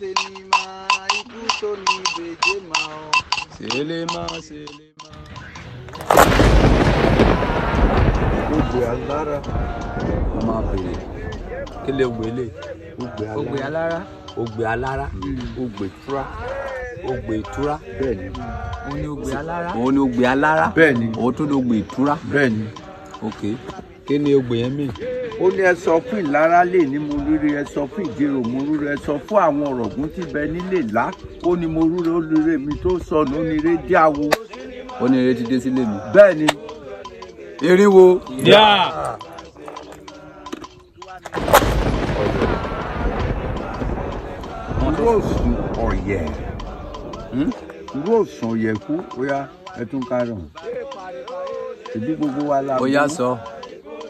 ṣe ni máa ikú tó ní bèjé máa ọ ṣe lè máa ṣe lè máa. Ogbe alára. Mo máa bèrè. Kí lè wele? Ogbe alára. Ogbe alára. Ogbe alára. Ogbe tura ogbe ìtura. ni ogbe alára. òun ni ogbe alára. bẹ́ẹ̀ni. òun tún ni ogbe ìtura. bẹ́ẹ̀ni. ok kí ogbe yẹn mìíràn ó ní ẹ sọ fún ìlara lè ní mo rírì ẹ sọ fún ìdírò mo rírì ẹ fún àwọn ọ̀rọ̀gún tí bẹ nílé lá ó ní mo rírì ó rírì mi tó sọnù ó ní eré dí àwo. ó ní eré ti dé sílé mi. bẹ́ẹ̀ ni. irinwó. yáà. irú òsùn ọ̀yẹ̀ hmm? irú òsùn ọ̀yẹ̀ kú ó yá ẹ tún kárọ̀ ìdí gbogbo wa la. ó yá sọ. So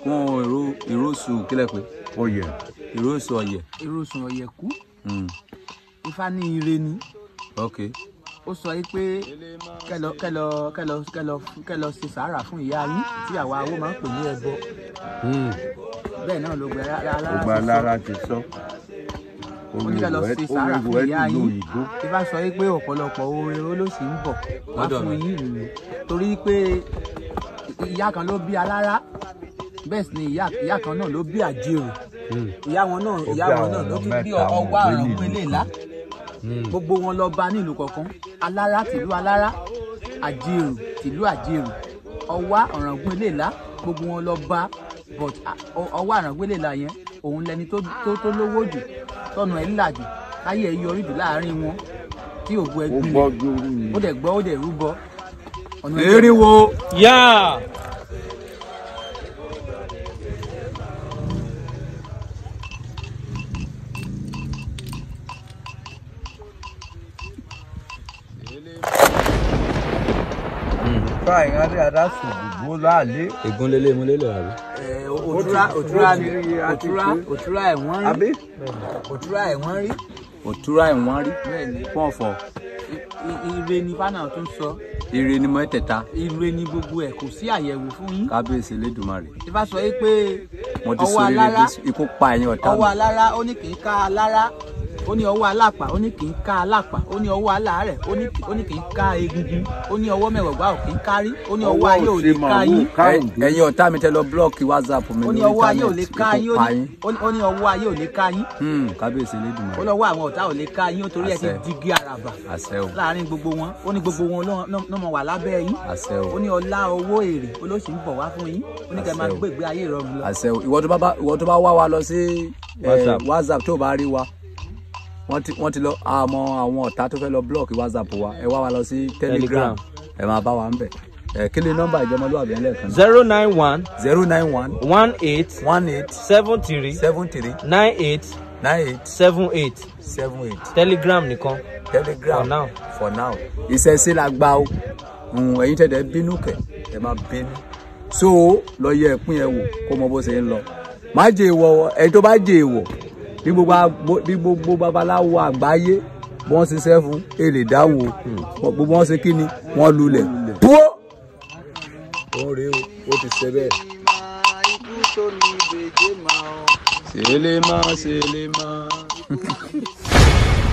kún ìró ìrósùn ọyẹ. ìrósùn ọyẹ. ìrósùn ọyẹ kú. Hmm. ifá ire ni. ok. ó sọ yìí pé kẹlọ kẹlọ kẹlọ kẹlọ kẹlọ ṣe sàárà fún ìyá yín tí àwa awo máa ń pè ní ẹbọ. Hmm. bẹ́ẹ̀ náà ló gba alára ti sọ oníkàlọ ṣe sàárà fún ìyá yín tí bá sọ pé ọ̀pọ̀lọpọ̀ oore olóṣì ń bọ̀ wá fún yín ìlú torí pé ìyá kan ló bí alára bẹ́ẹ̀ sì ni ìyá ìyá kan náà ló bí àjẹrò hmm. ìyá wọn náà ìyá wọn náà ló tún bí ọwọ́ àrùn pélélá hmm. gbogbo wọn lọ bá nílùú kọ̀ọ̀kan alára tìlú alára àjẹrò tìlú àjẹrò ọwọ́ ọ̀ràn gbélélá gbogbo wọn lọ bá but ọwọ́ àrùn gbélélá yẹn òun lẹni tó tó lówó jù tọ́nà ẹ̀ ńlá jù káyé ẹ̀ yọrí jù láàárín wọn tí òògùn ẹ̀ gbilẹ̀ ó dẹ̀ gbọ́ ó dẹ̀ rúbọ. èrè wo yáa. báyìí rántí adásù gbogbo láàlé. ègúnlélé múlélé àbí. Eh, òtúrá òtúrá òtúrá òtúrá ẹ̀wọ̀n rí. àbí. òtúrá ẹ̀wọ̀n rí. òtúrá ẹ̀wọ̀n rí. fún ọ̀fọ̀. ire ni bánà tó ń sọ. ire ni mẹ́tẹ̀ẹ̀ta. ire ni gbogbo ẹ̀ kò sí àyẹ̀wò fún yín. kábíyèsí Elédùmarè. tí bá sọ yìí pé ọwọ́ alára ọwọ́ alára ó ní kì í ká alára ó ní ọwọ́ alápá ó ní kì í ká alápá ó ní ọwọ́ aláàárẹ̀ ó ní kì í ká egungun ó ní ọwọ́ mẹ́wàá ò kì í kárí ó ní ọwọ́ ayé ò lè ká yín. ẹ̀yin ọ̀tá mi tẹ lọ búlọ́ọ̀kì whatsapp mi lórí internet ó ní ọwọ́ ayé ò lè ká yín. Hmm, kábíyèsí lédùn mọ́. ó lọ́wọ́ àwọn ọ̀tá ò lè ká yín nítorí ẹ ti digi àràbà láàrin gbogbo wọn ó ní gbogbo wọn ló mọ wà lábẹ́ yín ó ní ọlá owó èrè olóṣì ń bọ̀ wá fún yín ó ní kẹ́ máa gbé ìgbé ayé ìrọ̀rùn wa lọ eh, whatsapp tó bá wọ́n ti lọ àmọ́ àwọn ọ̀tá tó fẹ́ lọ blọọkì whatsapp wa ẹ wá wa lọ sí telegram ẹ máa bá wa ń bẹ̀ ẹ kí ni nọ́mbà ìjọmọlúwàbí ẹlẹ́ẹ̀kan. zero nine one. zero nine one. one eight. one eight. seven three. seven three. nine eight. nine eight. seven eight. seven eight. telegram nìkan. telegram for now. for now. ìṣẹ̀ṣe la gba o ẹ̀yin tẹ̀dẹ̀ bínú kẹ̀ ẹ má bínú so lọ yẹ ẹ̀pín ẹ wò kó mọ bó ṣe ń lọ má jẹ èèwọ̀ ẹni tó bá jẹ èèwọ̀ bí gbogbo babaláwo àgbáyé wọ́n ṣiṣẹ́ fún èlè dáwò gbogbo wọ́n ṣe kíni wọ́n lulẹ̀ tó. ó rí o ó ti ṣe bẹ́ẹ̀. ṣe lè má ṣe lè má.